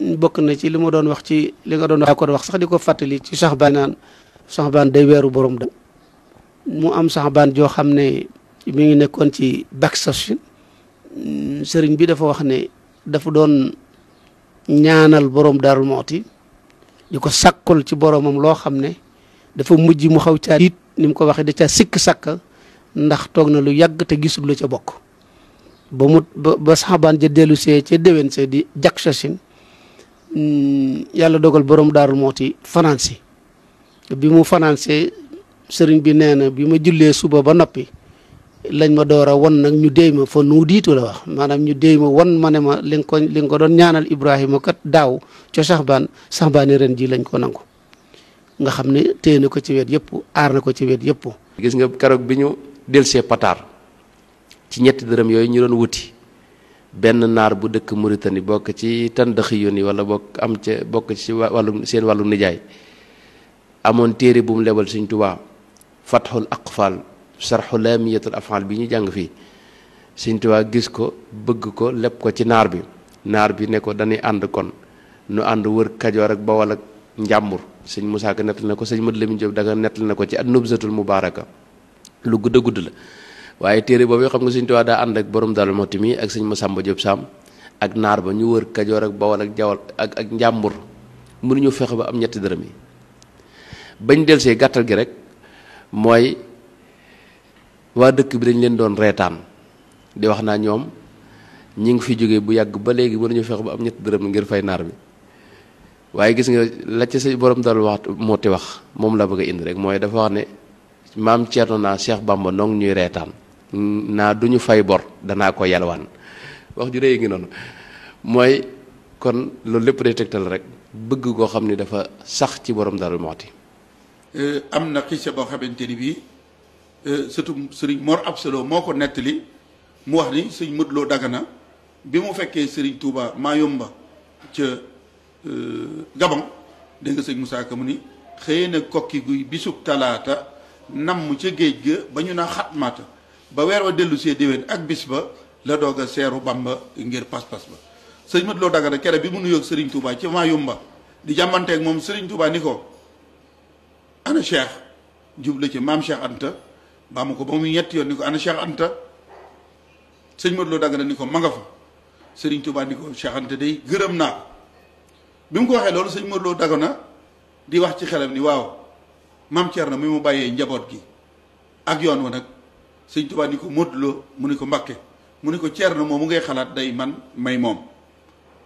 bokk na ci li ma doon wax ci li nga doon wax ko wax sax di ko fàttali ci saxbaan sax saxbaan day weeru borom da mu am saxbaan joo xam ne mi ngi nekkoon ci station sëriñ bi dafa wax ne dafa doon ñaanal borom daarul mooti di ko sàkkul ci boromam loo xam ne dafa mujj mu xaw caa it ni mu ko waxee da caa sikk sàkk ndax toog na lu yàgg te gisul la ca bokk ba mu ba saxabaan ja dellu see ca déwén see di jak sasin Mm, yàlla dogal borom daarul moo fanaan si bi mu fanaanse sëriñ bi nee na bi ma jullee suba ba noppi lañ ma doora a won nag ñu déy ma fa nuu diitu la wax maanaam ñu déy ma won ma ne ma li nga ko li nga ko doon ñaanal Ibrahima kat daaw ca saxbaan saxbaani ren ji lañ ko nangu nga xam ne téye na ko ci wet yëpp aar na ko ci wet yëpp. gis nga keroog bi ñu dellusee pataar ci ñetti dërëm yooyu ñu doon wuti benn naar bu dëkk Mauritanie bokk ci tandaxi yoon yi wala bokk am ca bokk ci wàllum seen wàllum nijaay amoon téere bu mu lebal Sëñ Tuubaa fatxul aqfal sarxu laamiyatul afal bi ñuy jàng fii Sëñ Tuubaa gis ko bëgg ko leb ko ci naar bi naar bi ne ko dañuy ànd kon nu ànd wër Kajoor ak Bawol Njàmbur sëñ Musaa Ka nettal na ko sëñ Madu Lamin Jóob da nga nettal na ko ci an nubzatul mubaaraka lu gudd a gudd la waaye téere boobu xam nga suñ tuwaa daa ànd ak borom dal moti mi ak suñ masamba jëb sam ak naar ba ñu wër kajoor ak bawal ak jawal ak ak njàmbur mënuñu fexe ba am ñetti dërëm yi bañ delsee gàttal gi rek mooy waa dëkk bi dañ leen doon reetaan di wax naa ñoom ñi ngi fi jógee bu yàgg ba léegi mënuñu fexe ba am ñetti dërëm ngir fay naar bi waaye gis nga la ca sa borom dal wax ti wax moom la bëgg a indi rek mooy dafa wax ne maam ceerno naa cheikh bamba nong ñuy reetaan naa duñu fay bor danaa ko yalwan wax ju rëy ngi noonu kon lo lepp day tektal rek bëgg go xamni dafa sax ci borom daru moti euh amna xisa bo xamanteni bi euh surtout serigne mor absolo moko netti mu wax ni serigne mudlo dagana bi mu touba ma yomba ci euh gabon de nga serigne musaa kamuni ni kokki guy bisuk talaata nam ci geejge bañu na khatmata ba weer wa dellu see déwén ak bis ba la doog a seeru Bamba ngir pas-pas ba sëñ Mat Lo Dagana kere bi mu nuyoog Serigne Touba ci Mayumba di jàmmanteeg moom Serigne Touba ni ko ana Cheikh jublu ci maam Cheikh Anta ba ko ba mu ñetti yoon ni ko ana Cheikh Anta sëñ Mat Lo Dagana ni ko ma nga fa Serigne Touba ni ko Cheikh Anta day gërëm naa ko bi mu ko waxee loolu sëñ Mat Lo na di wax ci xelam ni waaw maam na mi mu bàyyee njaboot gi ak yoon wa nag. sëñ Tuubaa ni ko Modou mu ne ko Mbakke mu ne ko ceer Ceerno moom mu ngay xalaat day man may moom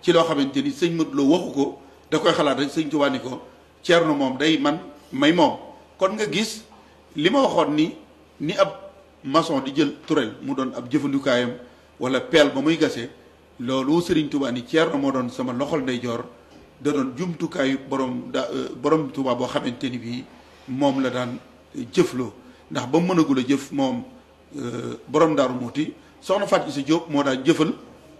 ci loo xamante ni sëñ Modou waxu ko da koy xalaat rek sëñ Tuubaa ni ko Ceerno moom day man may moom kon nga gis li ma waxoon ni ni ab maçon di jël turel mu doon ab jëfandikaayam wala peel ba muy gasee loolu sëriñ Tuubaa ni Ceerno moo doon sama loxol ndeyjoor da doon jumtukaayu borom da boo xamante ni bii moom la daan jëfloo ndax ba mënagul a jëf moom Eh, borom daaru muuti soxna fat isa job moo daa jëfal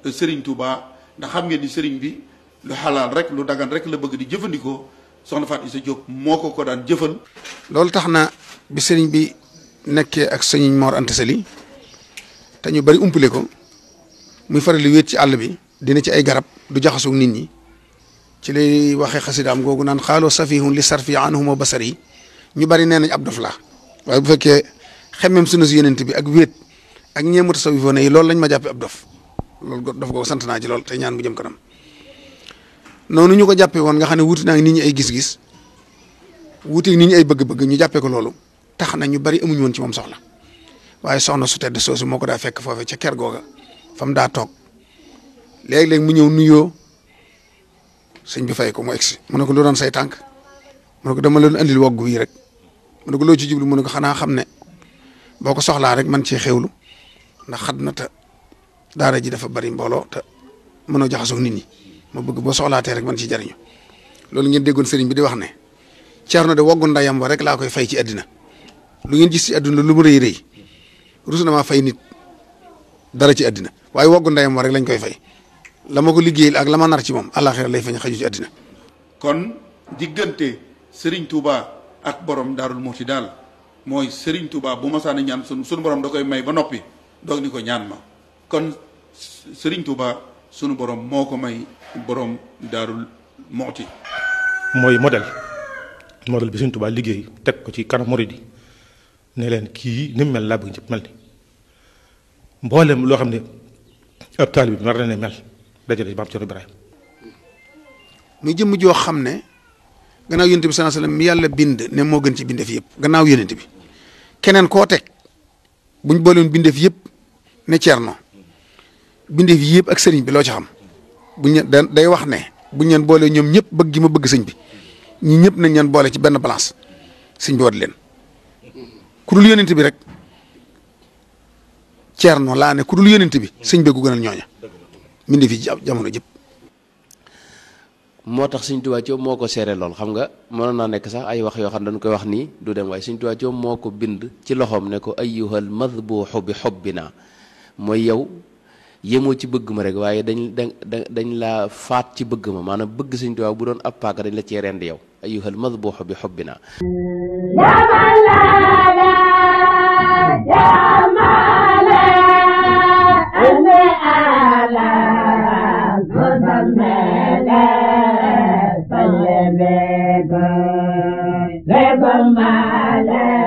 eh, sëriñ touba ndax xam ngeen ni bi lu halal rek lu dagan rek la bëgg di jëfandikoo soxna fat isa job moo ko daan jëfal loolu tax na bi sëriñ bi nekkee ak sëriñ mor ante sali ñu bari umpale ko muy faral li wéet ci àll bi dina ci ay garab du nit ñi ci lay safihun li sarfi anhuma basari ñu bari nee nañ bu xemmem sunu si yenent bi ak wéet ak ñeemu tasawufoon yi loolu lañ ma jàppee ab dof loolu dof googu sant naa ci lool te ñaan bu jëm kanam noonu ñu ko jàppee woon nga xam ne wuti naa nit ñi ay gis-gis wuti nit ay bëgg-bëgg ñu jàppee ko loolu tax na ñu bari amuñu woon ci moom soxla waaye soxna su tedd soosu moo ko daa fekk foofee ca ker googa fa daa toog léeg-léeg mu ñëw nuyoo sëñ bi fay ko mu egsi mu ne ko lu doon say tànk mu ne ko dama leen andil wogg wii rek loo ci mu xanaa xam ne. boko ko soxlaa rek man cee xewlu ndax xat na te ji dafa bari mbooloo ta mënoo jaxasoo nit ñi ma bëgg boo soxlaatee rek man ci jariñu loolu ngeen déggoon sëriñ bi di wax ne Ceerno de woggu ndayam wa rek laa koy fay ci àddina lu ngeen gis ci lu mu na fay nit dara ci àddina waaye woggu ndayam wa rek lañ koy fay la ko liggéeyal ak la nar ci moom lay fañ xaju ci kon diggante sëriñ Touba ak borom Daarul mooy sëriñ Touba bu ma saana ñaan sunu sunu borom da koy may ba noppi doog ni ko ñaan ma kon sëriñ Touba sunu borom moo ko may borom daarul moxti mooy modèle modèle bi Serigne Touba liggéey teg ko ci kanam murid ne leen kii ni mel laa bëgg ñëpp mel ni mboolem loo xam ne ab taalibe bi war na ne mel dajale maam Cerno Ibrahima muy jëmm joo xam ne gannaaw yonent bi sallallahu alayhi wasallam yàlla bind ne moo gën ci bindeef yëpp gannaaw yonent bi keneen koo teg buñ booleen bindeef yëpp ne Cerno bindeef yëpp ak sëriñ bi loo ci xam buñ day wax ne buñ leen boolee ñoom ñëpp bëgg gi ma bëgg sëñ bi ñi ñëpp nañ leen boole ci benn balance sëñ bi wat leen ku dul yonent bi rek Cerno laa ne ku dul yonent bi sëñ bi gu gënal ñooña bindeef yi jamono jëpp moo tax Sëñ Tuubaa Coob moo ko seere lool xam nga mënoon naa nekk sax ay wax yoo xam ne dañ koy wax nii du dem waaye Sëñ Tuubaa Coob moo ko bind ci loxoom ne ko ayyuhal madbuuxu bi xubbinaa mooy yow yemoo ci bëgg ma rek waaye dañ dañ dañ laa faat ci bëgg ma maanaam bëgg Sëñ Tuubaa bu doon ab paaka la cee rend yow ayyuhal madbuuxu bi xubbinaa Lebal, lebal, lebal,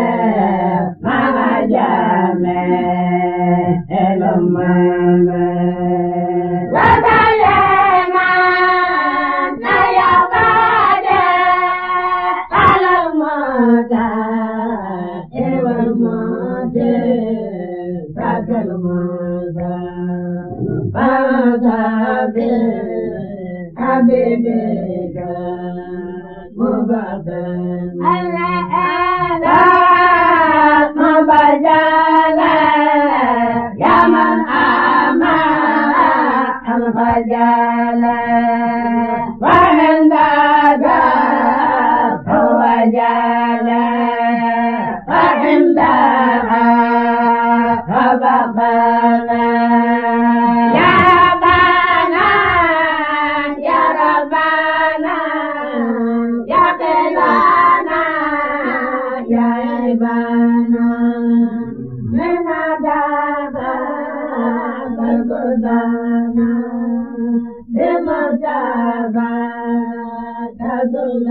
bi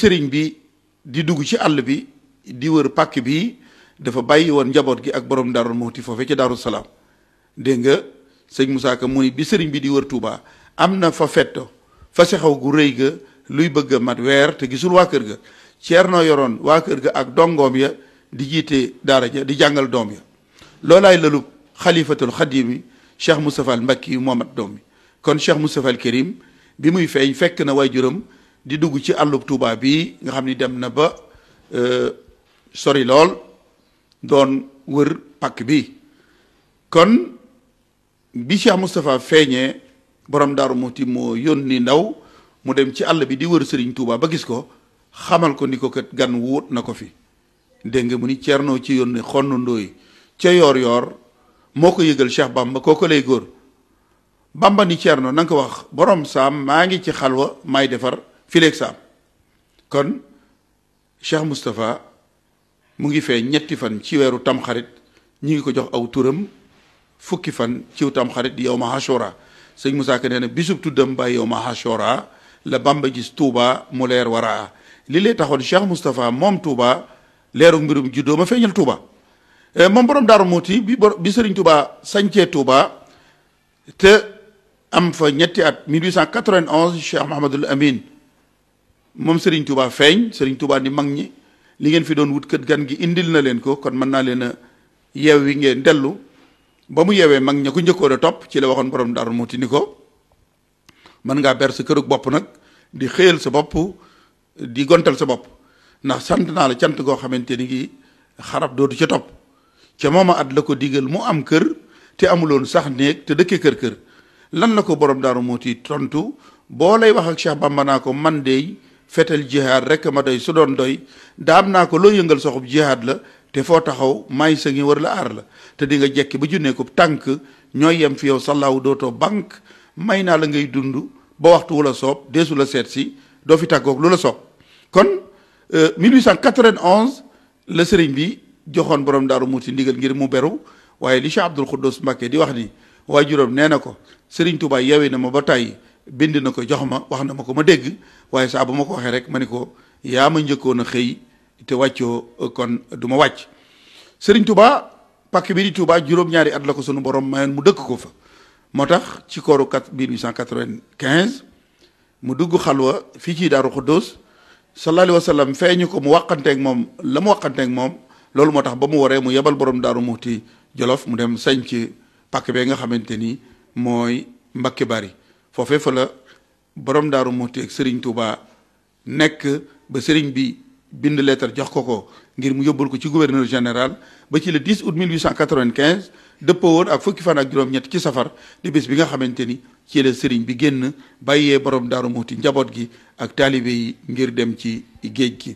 sëriñ bi di dugg ci àll bi di wër pàkk bi dafa bàyyi woon njaboot gi ak borom daarul Muxti foofe ci daaru salaam dégg nga sëñ Moussa Ka mu ni bi sëriñ bi di wër Touba am na fa fetto fa sexaw gu rëy ga luy bëgg a mat weer te gisul waa kër ga Ceerno yoroon waa kër ga ak dongoom ya di jiite daara ja di jàngal doom ya loolaay lalub xalifatul xadimi Cheikh Moustapha al Mbakki moo mat doom yi kon Cheikh Moustapha al Karim bi muy feeñ fekk na waajuram di dugg ci àllub Touba bi nga xam ni dem na ba euh, sori lool doon wër pàkk bi kon bi Cheikh Moustapha feeñee borom Daaru Muxti moo yónni ndaw mu dem ci àll bi di wër sëriñ Touba ba gis ko xamal ko ni ko kat gan wóot na ko fi dégg nga mu ni noo ci yónni xonn ndooy ca yoor yoor moo ko yëgal Cheikh Bamba kooko lay góor Bamba ni Ceerno na nga ko wax boroom saam maa ngi ci xalwa maay defar fileeg saam kon Cheikh Moustapha mu ngi fee ñetti fan ci weeru tamxarit ñi ngi ko jox aw turam fukki fan ciw tamxarit di yow ma hashora sëñ Moussa Ka nee na bisub tuddam ba yow ma hashora la Bamba gis Touba mu leer waraa li lay taxoon Cheikh Moustapha moom Touba leeru mbirum juddoo ma feeñal Touba eh, moom borom Daaru Muuti bi bi Sëriñ Touba sañcee Touba te am fa ñetti at 1891 Cheikh Mahamadul Amin moom Sëriñ Touba feeñ Sëriñ Touba ni mag ñi li ngeen fi doon wut kët gan gi indil na leen ko kon mën naa leen a yeew wi ngeen dellu ba mu yeewee mag ña ko njëkkoon a topp ci la waxoon borom daaru mu ni ko mën ngaa ber sa bopp nag di xëyal sa bopp di gontal sa bopp ndax sant naa la cant goo xamante ni gi xarab dootu ca topp ca mooma at la ko digal mu am kër te amuloon sax néeg te dëkke kër kër lan la ko borom daaru muuti tontu boo lay wax ak cheikh bamba naa ko man dey fetal jihaad rek ma doy su doon doy daam naa ko loo yëngal soxub jihaad la te foo taxaw may sa ngi war la aar la te di nga jekki ba junnee ko tànk ñoo yem fi yow sallaaw dootoo banque may naa la ngay dund ba waxtu wu la soob deesu la seet si doo fi tàggoog lu la soob kon 1891 euh, la sëriñ bi joxoon borom daaru muuti ndigal ngir mu beru waaye li Cheikh Abdoul Khoudous Mbacké di wax nii waa juróom nee na ko sëriñ Touba yewe na ma ba tàyyi bind na ko jox ma wax na ma ko ma dégg waaye saa bu ma ko waxee rek ma ni ma te wàccoo eh, kon du ma wàcc sëriñ Touba pàkk bi di Touba juróom-ñaari at la ko sunu borom mayoon mu dëkk ko fa moo ci kooru 1895 mu dugg xalwa fii ci Daaru Xuddoos sallallahu alaihi wasallam sallam feeñu ko mu wàqanteeg moom la mu wàqanteeg moom loolu moo ba mu waree mu yebal borom Daaru Muxti Jolof mu dem sañ ci pàkk bee nga xamante Bari fa la borom daaru Muxti ak Serigne Touba nekk ba Serigne bi bind lettre jox ko ko ngir mu yóbbul ko ci gouverneur général ba ci le 10 août 1895 dëppoo woon ak fukki fan ak juróom-ñett ci safar di bés bi nga xamante ni ci la Serigne bi génn bàyyee boroom daaru Muxti njaboot gi ak taalibe yi ngir dem ci géej gi.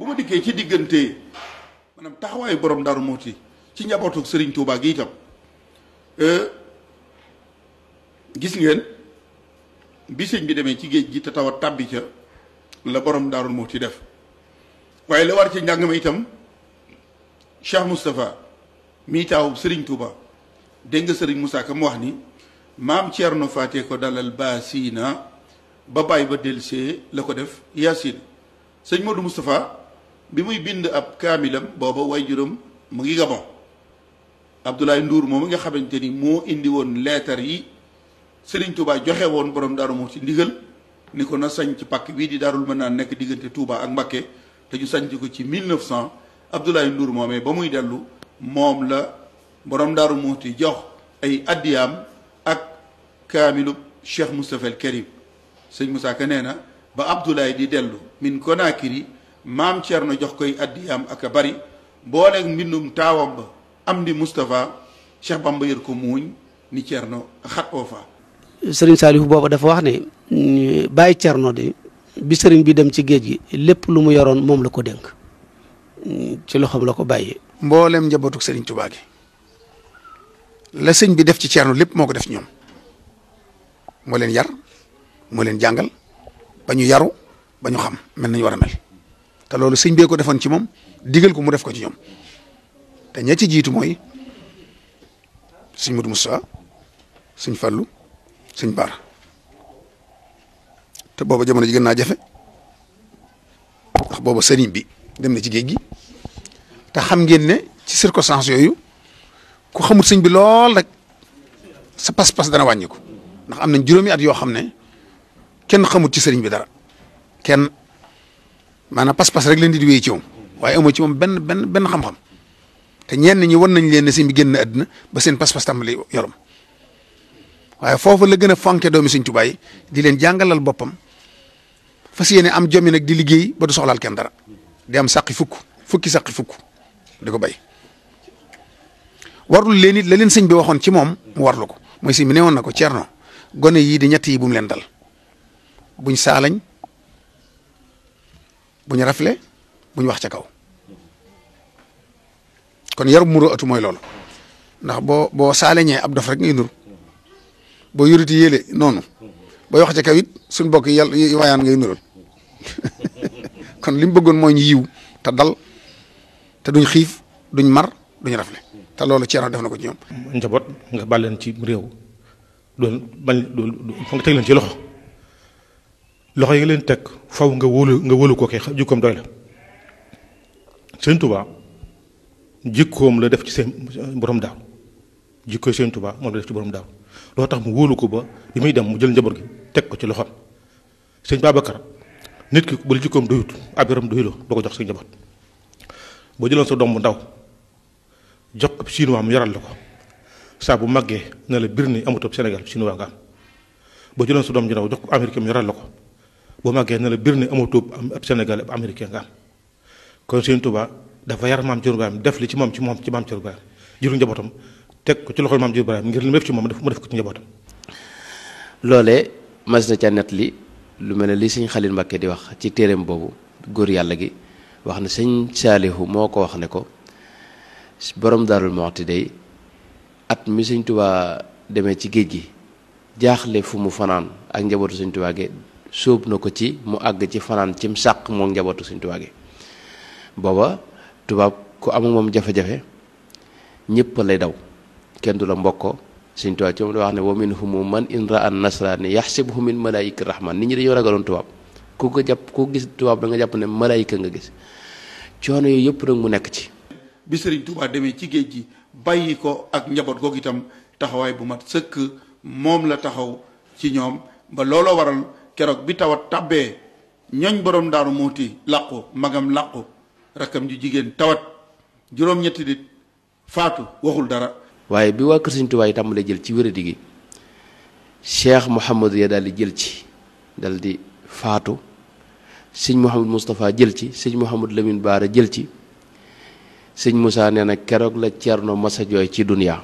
bu ma dikkee ci diggante maanaam taxawaayu borom daru Muxti ci njabootu Sëriñ Tuubaa gi itam gis ngeen bi sëñ bi demee ci géej gi te tawat tàbbi ca la borom Daaru Muxti def waaye la war ci njàng ma itam Cheikh mustapha mii taw Sëriñ Tuubaa dégg nga Sëriñ Moussa Ka mu wax ni maam cierno Faté ko dalal baasina ba bàyyi ba delsee la ko def Yaasin sëñ Modou Moustapha bi muy bind ab kaamilam booba way juróom mu ngi Gabon Abdoulaye nduur moom nga xamante ni moo indi woon leetar yi Serigne Touba joxe woon borom Daaru Muxti ndigal ni ko na sañ pakk pàkk bii di Daarul naa nekk diggante Touba ak Mbakke te ñu sañ ko ci 1900 Abdoulaye Ndour moomee ba muy dellu moom la borom Daaru muuti jox ay addiyaam ak kaamilub Cheikh Moustapha El Karim sëñ Moussa Ka nee na. ba Abdoulaye di dellu min Conakry maam Thierno jox koy addiyaam ak a bari booleeg mbindum taawam ba am di Moustapha Cheikh Bamba yër ko muuñ ni Thierno xat oo fa sëriñ Saliou booba dafa wax ne bàyyi Thierno de bi sëriñ bi dem ci géej gi lépp lu mu yoroon moom la ko dénk ci loxoom la ko bàyyi mboolem njabootuk sëriñ Touba la sëñ bi def ci Thierno lépp moo ko def ñoom moo leen yar moo leen jàngal. ba ñu yaru ba ñu xam mel nañu war a te loolu sëñ bee ko defoon ci moom digal ko mu def ko ci ñoom te ña ci jiitu mooy sëñ Mudu Musaa sëñ Fallu sëñ Baara te booba jamono ji gën naa jafe ndax booba sëriñ bi dem na ci géej gi te xam ngeen ne ci circonstance yooyu ku xamul sëñ bi lool rek sa pas-pas dana wàññi ko ndax am nañ juróomi at yoo xam ne kenn xamut ci sëriñ bi dara kenn maanaam pas-pas rek leen di wéy ci moom waaye amoo ci moom benn benn benn xam-xam te ñenn ñi wan nañ leen ne sëriñ bi génn àdduna ba seen pas-pas tàmbali yorom waaye foofu la gën a fonke doomi sëriñ Tuubaa yi di leen jàngalal boppam fas yéene am jomi nag di liggéey ba du soxlaal kenn dara di am saqi fukk fukki saqi fukk di ko bay warul leen it la leen sëñ bi waxoon ci moom mu warlu ko mooy sëñ bi newoon na ko Ceerno gone yii di ñett yi bu leen dal buñ saalañ buñ rafle buñ wax ca kaw kon yarub muroo atu mooy ndax boo boo saalañee ab dof rek ngay nur boo yuruti yéele noonu boo wax ca kaw it suñ bokk yàlla wayaan ngay nural kon li bëggoon mooy ñu yiw te dal te duñ xiif duñ mar duñ rafle te loolu ci def na ko ci ñoom. njaboot nga bàl ci réew doon bañ doon nga teg ci loxo. loxo yi leen teg faw nga wóolu nga wóolu ko kay jikkoom doy la sëñ Tuubaa jikkoom la def ci seen borom daaw jikko sëñ tubaa moom la def ci borom daaw loo tax mu wóolu ko ba bi muy dem mu jël njaboot gi teg ko ci loxoom sëñ Babacar nit ki bu la jikkoom doyut ab yaram doyuloo doo ko jox sa njaboot boo jëloon sa doom bu ndaw jox ab chinois mu yaral la ko saa bu màggee ne la bir ni amutoo Sénégal chinois nga am boo jëloon sa doom ju ndaw jox yaral la ko boo màggee na la bir ne amatoo ab Sénégal ab américain nga am kon Sëriñ Tuubaa dafa yar maam Cerno Ibrahima def li ci moom ci moom ci maam Cerno Ibrahima jëru njabootam teg ko ci loxo maam Cerno ngir li mu ci moom mu def ko ci njabootam. loolee mas na ca net li lu mel ne li sëñ Xalil Mbàkke di wax ci téereem boobu góor yàlla gi wax ne sëñ Saalihu moo ko wax ne ko borom Daarul Muxti day at mi sëñ Tuubaa demee ci géej gi jaaxle fu mu fanaan ak njabootu sëñ Tuubaa gi sóob na ko ci mu àgg ci fanaan cim sàq moom njabootu suñ tubaab gi booba tubaab ku amul moom jafe-jafe ñëpp lay daw kenn du la mbokk suñ tubaab ci moom da wax ne wa minhum man in raa an nasraani yaxsibuhu min malaayika rahman nit ñi dañoo ragaloon tubaab ku ko jàpp ku gis tubaab da nga jàpp ne malaayika nga gis coono yooyu yëpp nag mu nekk ci bi sëriñ Tuubaa ci géej gi bàyyi ko ak njaboot googu itam taxawaay bu mat sëkk moom la taxaw ci ñoom ba looloo waral keroog bi tawat tàbbee ñooñ boroom daaru muuti làqu magam làqu rakkam ju jigéen tawat juróom-ñetti nit faatu waxul dara waaye bi waa kër Sëriñ Tuubaa yi tàmbalee jël ci wéradi gi cheikh daal di jël ci dal di faatu siñ Mouhamadou Moustapha jël ci sëñ Mouhamadou Lamine Baara jël ci sëñ musaa nee na keroog la Ceerno masa jooy ci duniyaa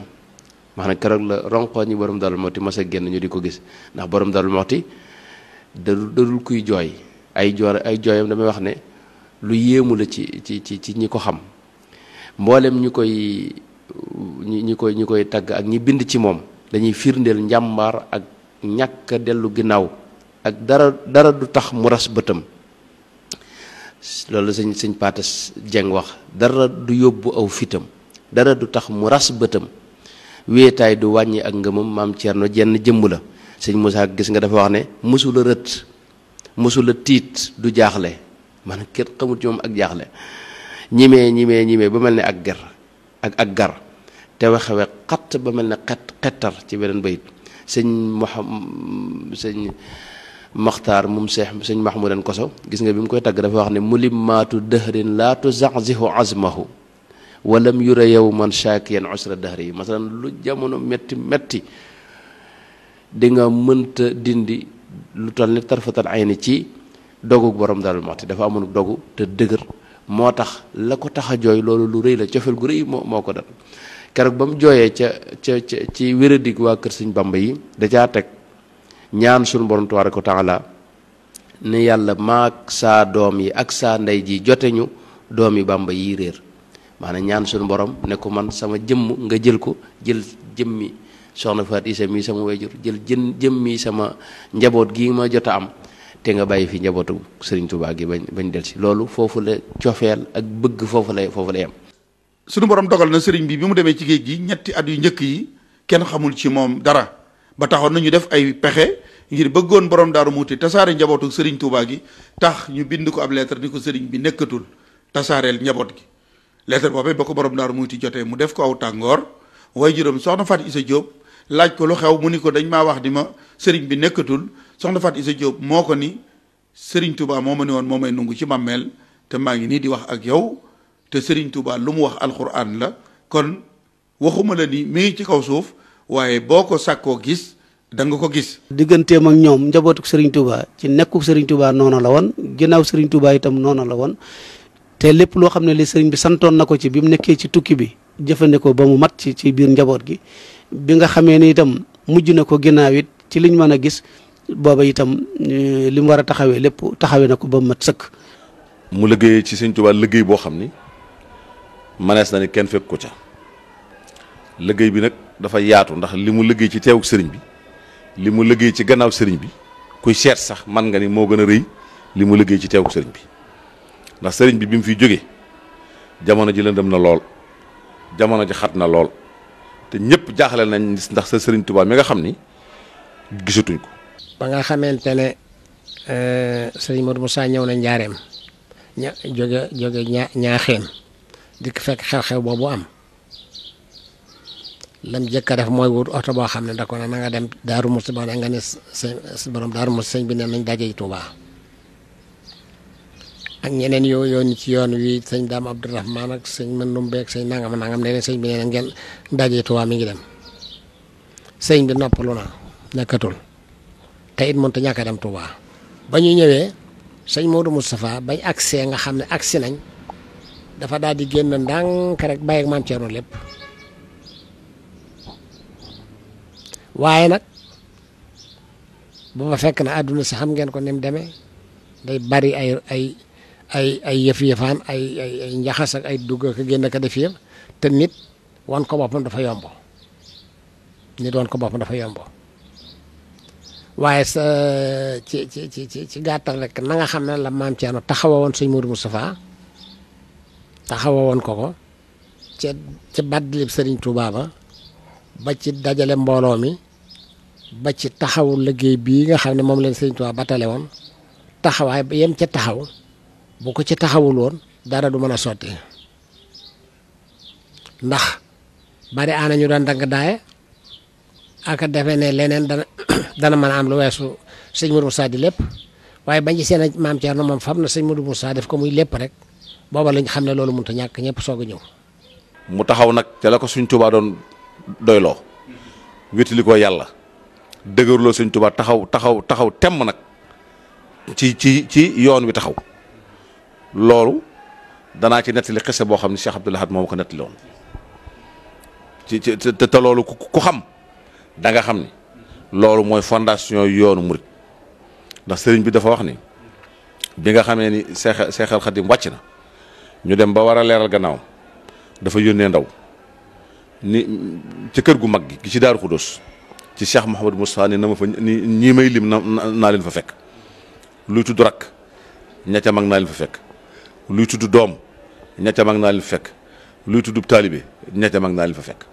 maanaam keroog la ronqoo ñi borom Daaru Muxti masa génn ñu di ko gis ndax boroom Daaru Muxti dadul dadul jooy ay joor ay jooyam damay wax ne lu yéemu la ci ci ci ci ñi ko xam mboolem ñu koy ñi koy ñi koy tagg ak ñi bind ci moom dañuy firndeel njàmbaar ak ñàkk dellu ginnaaw ak dara dara du tax mu ras bëtam loolu sëñ sëñ Patas Jeng wax dara du yóbbu aw fitam dara du tax mu ras bëtam wéetaay du wàññi ak ngëmam maam Cerno jenn jëmm la sëñ Moussa gis nga dafa wax ne mësula rët mësula tiit du jaaxle man kenn xamul ci ak jaaxle ñimee ñimee ñimee ba mel ne ak ger ak ak gar te waxewe xatt ba mel ne xet xettar ci beneen bayit sëñ Mouham sëñ Maxtaar moom seex sëñ Mahmoudan Koso gis nga bi mu koy tagg dafa wax ne mulimmaatu dëhrin laa tuzaxzihu azmahu walam yura yow man shaakiyan usra yi masalan lu jamono metti metti di nga mënta dindi lu toll ni tarfatal ayni ci dogu borom Daaru Muxti dafa amoon dogu te dëgër moo tax la ko tax a jooy loolu lu rëy la cofeel gu rëy moo moo ko dal keroog ba mu jooyee ca ca ca ci wéradig waa kër Sëñ Bamba yi da teg ñaan sunu borom tabaaraka ko taala ne yàlla maak saa doom yi ak saa ndey ji jote ñu doom yi bàmba yi réer maanaam ñaan sunu borom ne ko man sama jëmm nga jël ko jël jëmmi soxna faat isa mi sama wayjur jël jën jëm mi sama njabot gi ma jota am te nga bayyi fi njabotu serigne touba gi bañ del si lolu fofu la ciofel ak bëgg fofu la fofu la am sunu borom dogal na serigne bi bi mu demee ci geej gi ñetti at yu ñëk yi kenn xamul ci mom dara ba taxon nañu def ay pexé ngir bëggoon borom daaru muti tasaare njabotu serigne touba gi tax ñu bind ko ab lettre ni serigne bi nekkatul tasaareel njabot gi lettre bobé bako borom daaru muti jotee mu def ko aw tangor way soxna fat isa laaj ko lu xew mu ni ko dañ maa wax di ma sëriñ bi nekkatul soxna Fatou Issa Diop moo ko ni sëriñ Touba moo ma ni woon moo may nungu ci màmmeel te maa ngi nii di wax ak yow te sëriñ Touba lu mu wax alxuraan la kon waxuma la ni mi ngi ci kaw suuf waaye boo ko sàkkoo gis da nga ko gis. digganteem ak ñoom njabootuk sëriñ Touba ci nekkuk sëriñ Touba noonu la woon ginnaaw sëriñ Touba itam noonu la woon. te lépp loo xam ne li sëriñ bi santoon na ko ci bi mu nekkee ci tukki bi jëfandikoo ba mu mat ci ci biir njaboot gi bi nga xamee ni itam mujj na ko ginnaaw it ci liñ mën a gis booba itam e, li mu war a taxawee lépp taxawee na ko ba mu mat sëkk. mu liggéeyee ci sëñ Tuubaa liggéey boo xam ne manees na ni kenn fekk ko ca liggéey bi nag dafa yaatu ndax li mu liggéey ci teewuk sëriñ bi li mu liggéey ci gannaaw sëriñ bi kuy seet sax man nga ne moo gën a rëy li mu liggéey ci teewuk sëriñ bi. ndax sëriñ bi bi mu fiy jógee jamono ji lëndëm na lool jamono ji xat na lool te ñëpp jaaxle nañ ndax sa sëriñ Tuubaa mi nga xam ni gisatuñ ko. ba nga xamante ne euh, sëriñ Modou Moussa ñëw na njaareem ña jóge jóge ña ñaaxeem dikk fekk xew-xew boobu am lam jëkk mooy wut oto boo xam ne da ko na nga dem Daaru Muxti ba nga ne sa borom Daaru Muxti sëñ bi ne nañ daje Tuubaa. ak ñeneen yoo yoon ci yoon wi sëñ daam abdourahman ak sëñ mëndum beeg sëñ nangam nangam nee na sëñ bi nee ngeen dajee Tuubaa mi ngi dem sëñ bi noppalu na nekkatul te it mënut a ñàkk a dem Tuubaa ba ñu ñëwee sëñ Modou Moustapha bañ agsee nga xam ne agsi nañ dafa daal di génn ndànk rek bàyyi ak maam Thierno lépp waaye nag booba fekk na àdduna si xam ngeen ko ni mu day bari ay. ay ay yëf yëfaan ay ay ay njaxas ak dugg ak génn ka def yëf te nit wan ko boppam dafa yombo nit wan ko boppam dafa yombo waaye sa ci ci ci ci gàttal rek na nga xam ne la maam Thierno taxawa woon sëñ Mourou Moustapha taxawa woon ko ko ca ca baddilib sëriñ Touba ba ci dajale mbooloo mi ba ci taxawu liggéey bii nga xam ne moom leen sëriñ Touba ba tale woon taxawaay yem ca taxaw bu ko ci taxawul woon dara du mën a sotti ndax bari aana ñu daan danga daaye aka defe ne leneen dana dana mën a am lu weesu sëñ Modou Moussa di lépp waaye bañ ci seen maam Thierno moom fam na sëñ Modou Moussa def ko muy lépp rek booba lañ xam ne loolu mënut a ñàkk ñëpp soog a ñëw. mu taxaw nag ca la ko suñ Tuubaa doon doyloo wétali ko yàlla dëgërloo suñ Tuubaa taxaw taxaw taxaw temm nag ci ci ci yoon wi taxaw. loolu danaa ci nettali xese boo xam ne Cheikh Abdoul Ahad moom ko nettali woon ci ci te loolu ku xam danga xam ni loolu mooy fondation yoonu murit ndax sëriñ bi dafa wax ni bi nga xamee ni Seex Seexal wàcc na ñu dem ba war a leeral gannaaw dafa yónnee ndaw ni ci kër gu mag gi gi ci Daaru Xudóos ci Cheikh Mouhamadou Moustapha ni na ma fa ni ñii may lim na naa leen fa fekk luy tudd rakk ña ca mag naa leen fa fekk luy tudd doom ñette mag naa leen fekk luy tudd taalibe ñette mag naa leen fa fekk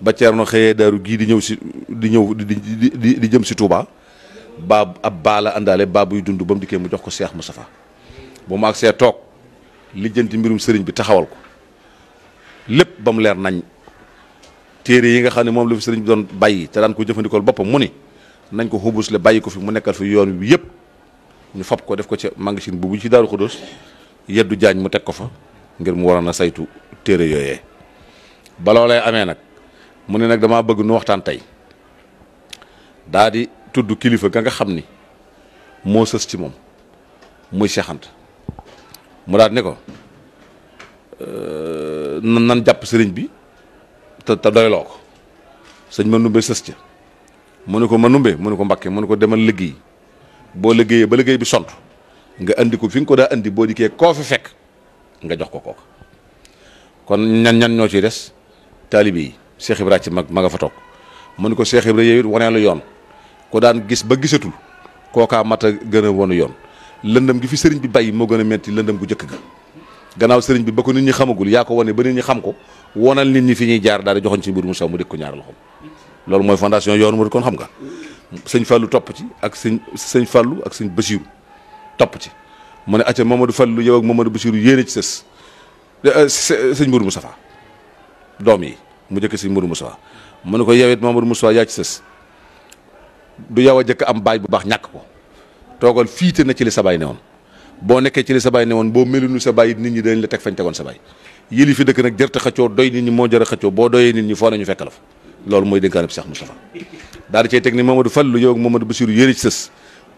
ba Ceerno xëyee daaru gii di ñëw si di ñëw di di jëm si Touba ba ab baala àndaale baa buy dund ba mu dikkee mu jox ko Seex Mustafa ba mu agsee toog lijjanti mbirum sëriñ bi taxawal ko lépp ba mu leer nañ téere yi nga xam ne moom la fi sëriñ bi doon bàyyi te daan ko jëfandikool boppam mu ni nañ ko xubus le bàyyi ko fi mu nekkal fi yoon wi yëpp ñu fab ko def ko ca magasin bu bu ci daaru Xudóos yeddu jaañ mu teg ko fa ngir mu waroon a saytu téere yooyee baloo loolee amee nag mu ne nag damaa bëgg nu waxtaan tey daa tudd kilifa ga nga xam ni moo sës ci moom muy Cheikh mu daal ne ko euh, nan jàpp sëriñ bi te te doyloo ko sëñ ma numbe sës ca mu ne ko ma numbe mu ne ko mbakke mu ne ko demal liggéey boo liggéeyee ba liggéey bi sont nga andi ko fi nga ko daa indi boo dikkee koo fi fekk nga jox ko kooku kon ñan ñan ñoo ciy des taalibe yi Cheikh Ibra ci mag ma nga fa toog mu ne ko Cheikh Ibra yow it wanee la yoon ko daan gis ba gisatul kookaa mat a gën a wonu yoon lëndëm gi fi sëriñ bi bay moo gën a metti lëndëm gu jëkk ga gannaaw sëriñ bi ba ko nit ñi xamagul yaa ko wane ba nit ñi xam ko wonal nit ñi fi ñuy jaar daal di joxoñ ci mbir mu saw mu dégg ko ñaari loxo loolu mooy fondation yoon mu kon xam nga sëñ Fallou topp ci ak sëñ sëñ Fallou ak sëñ Bachirou topp ci mu ne acca Mamadou Fallou yow ak Mamadou Bassirou yéene ci sës euh, euh, sëñ Mourou Moustapha doom yi mu jëkk sëñ Mourou Moustapha mu ne ko yow it Mamadou Moustapha yaa ci du yow a jëkk am baay bu baax ñàkk ko toogal fiite na sa baay ne woon nekkee ci sa baay ne boo melunu sa baay nit ñi dañ teg fañ tegoon sa fi dëkk nag jërta xëccoo doy nit moo jër a xëccoo boo doyee nit ñi foo nañu fekk la fa loolu mooy dénkaane bi Cheikh Moustapha daal di cay teg ni Mamadou Fallou yow ak Mamadou Bassirou yéene ci sës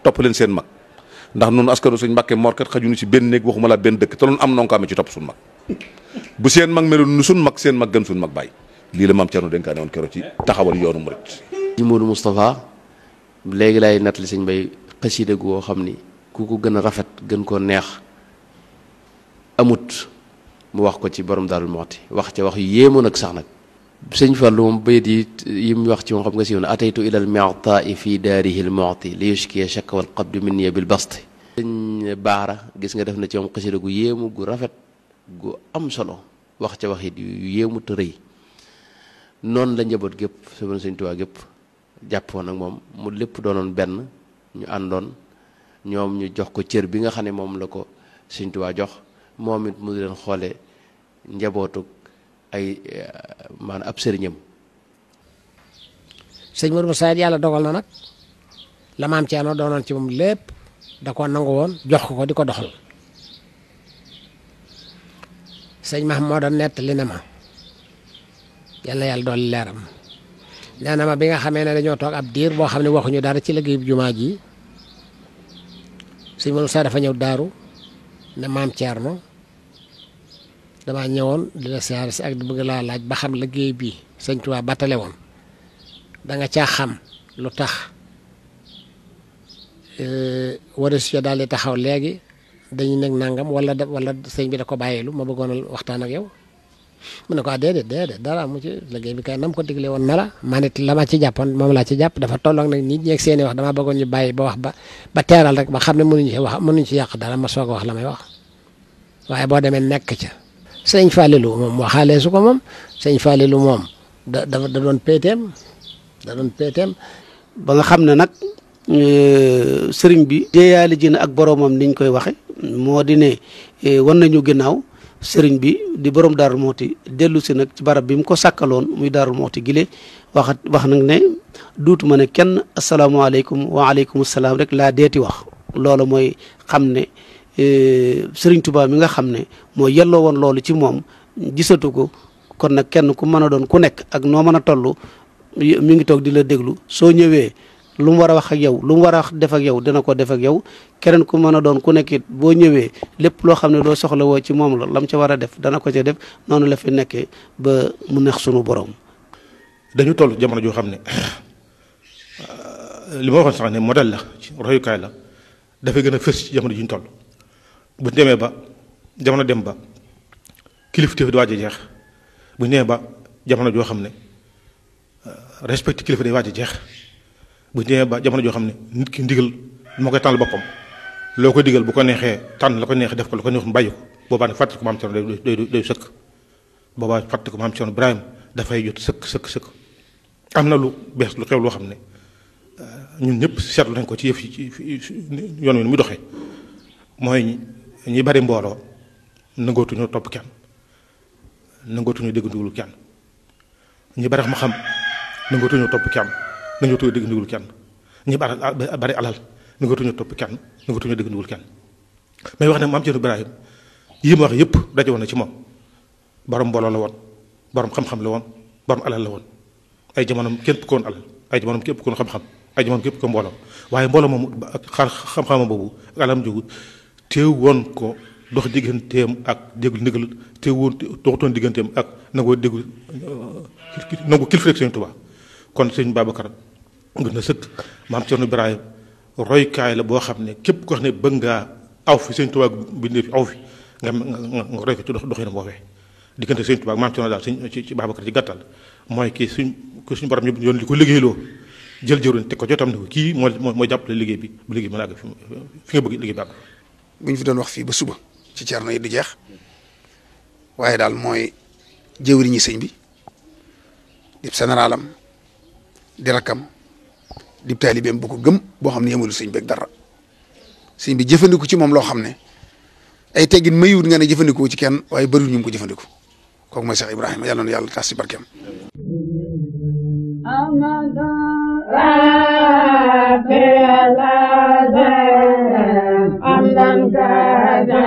topp leen seen mag ndax noonu askanu suñ mbàkke morkat xajunu si benn néeg waxuma la benn dëkk te loolu am noo ko amee ci topp suñ mag bu seen mag meloon nu suñ mag seen mag gën suñ mag bàyyi lii la maam Cerno dénkaane woon kero ci taxawal yoonu murit ci Moodu Moustapha léegi laay nattali sëñ mbay xasida gu woo xam ni ku ko gën a rafet gën koo neex amut mu wax ko ci borom Daaru Muxti wax ca wax yu yéemoon ak sax nag sëñ Fallu moom bayit yi yi mu wax ci moom xam nga siiw na ataytu ilal mi'ta'i fi daarihi al-mu'ti li yushkiya shakwa al-qabdi minni bil basti sëñ baara gis nga def na ci moom xasida gu yéemu gu rafet gu am solo wax ca waxit yu yéemu te rëy noonu la njaboot gépp sama sëñ Tuubaa gépp jàppoon ak moom mu lépp doonoon benn ñu àndoon ñoom ñu jox ko cër bi nga xam ne moom la ko sëñ Tuubaa jox moom it mu leen xoole njabootu ay eh, man ab serignam sëñ Mourou Moussa yalla dogal na nak la mam Thierno doonoon ci mom lepp da ko nangu won jox ko diko doxal sëñ Mahmouda nettali na ma yàlla yalla dool leeram nee na ma bi nga xamé ne dañu tok ab dir bo xamné waxu ñu dara ci liggéeyu juma ji sëñ Mourou da fa ñew daru na mam Thierno dama ñëwoon di la siyaar si ak di bëgg laa laaj ba xam liggéey bi sëñ tuba batale woon da nga caa xam lu tax e, waris ya daal di taxaw léegi dañu nekk nangam wala da wala sëñ bi da ko bàyyeelu ma bëggoon waxtaan ak yow mu ne ko ah déedéet déedéet dara mu ci liggéey bi kay nam ko digle woon nala manit it la ma ci jàppoon moom laa ci jàpp dafa tolloog nag nit ñeeg seeni wax dama bëggoon ñu bàyyi ba wax ba ba teeral rek ba xam ne mënuñu ci wax mënuñu ci yàq dara ma soog a wax la may wax waaye boo demee nekk ca sëñ Fallilou moom waxaalee su ko moom sëñ Fallilou moom da da doon peeteem ba nga xam ne nag euh, sëriñ bi. deeyaale ji na ak boromam niñ koy waxe moo di ne euh, wan nañu ginnaaw sëriñ bi di borom Darou Mouhty dellu si nag ci barab bi mu ko sàkkaloon muy Darou Mouhty gile waxat wax nag ne duutuma ne kenn asalaamaaleykum waaleykum salaam rek laa dee deeti wax loolu mooy xam ne. E, Serigne tubaab mi nga xam ne moo yelloo woon loolu ci moom gisatu ko kon nag kenn ku mën a doon ku nekk ak noo mën a tollu mu ngi toog di la déglu soo ñëwee lu mu war a wax ak yow lu mu war a def ak yow dina ko def ak yow keneen ku mën a doon ku nekkit boo ñëwee lépp loo xam ne doo soxla woo ci moom la lam ca war a def dana ko ca def noonu la fi nekkee ba mu neex sunu borom. dañu toll jamono joo xam ne li ma waxoon sax ne modèle la royukaay la dafay gën a fës ci jamono ji bu ñu demee ba jamono dem ba kilifteef di waaj jeex bu ñu ba jamono joo xam ne euh, respecté kilifa day waaj jeex bu ñu demee ba jamono joo xam ne nit ki ndigal moo koy tànn boppam loo ko digal bu ko neexee tànn la ko neex def ko la ko neex mu bàyyi ko boobaa nag fàttali ko maam Cerno day day sëkk boobaa fàttali ko maam dafay jot sëkk sëkk sëkk am na lu bees lu xew loo xam ne euh, ñun ñëpp seet nañ ko ci yëf yi yoon wi nu muy doxee ñi bari mbooloo nangootuñu topp kenn nangootuñu dégg ndigul kenn ñi bari xam-xam nangootuñu topp kenn nangootuñu dégg ndigul kenn ñi bari bari alal nangootuñu topp kenn dégg ndigul may wax ne maam Cerno Ibrahim yi mu wax yëpp daje woon na ci moom borom mbooloo la woon borom xam-xam la woon borom alal la woon ay jamonoom képp koon alal ay jamonoom képp koon xam-xam ay jamonoom képp ko mbooloo waaye mbooloo moom ak xam-xamam boobu ak alam jógu teew woon ko dox digganteem ak déglu ndigal te woon doxutoon digganteem ak nangoo déglu euh, nangu kilifa rek sëñ kon sëñ Babacar gën a sëkk maam Cerno Ibrahima roykaay la boo xam ne képp ko xam ne bëgg ngaa aw fi sëñ Tuubaa bindee fi aw fi nga nga roy ko ci dox doxinam woowee diggante sëñ Tuubaa maam Cerno daal sëñ ci ci gàttal mooy kii suñ ki suñu borom yoon li ko liggéeyloo jël jëruñ teg ko jotam ne ko kii moo moo jàppale liggéey bi bu liggéey mën a àgg fi nga bëgg liggéey bi àgg buñ fi doon wax fi ba suba ci cierno yi du jeex waaye daal mooy ñi sëñ bi dib généralam di rakam dib talibem bu ko gëm boo xam ne yemul sëñ beeg dara sëñ bi jëfandiku ci moom loo xam ne ay teggin mayuut nga ne jëfandikoo ci kenn waaye bëriwul ñu ko jëfandiku kooku mooy Cheikh Ibrahima yàlla na yàlla tas si Amada, Ramadan. ಸಂಗಾಯ